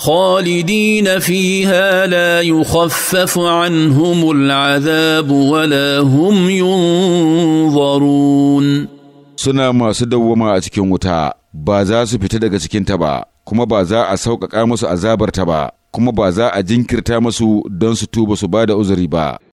خالدين فيها لا يخفف عنهم العذاب ولا هم ينظرون suna masu dawwama a cikin wuta ba za su fita daga cikinta ba kuma ba za a sauƙaƙa musu azabarta ba kuma ba za a jinkirta musu don su tuba su ba da uzuri ba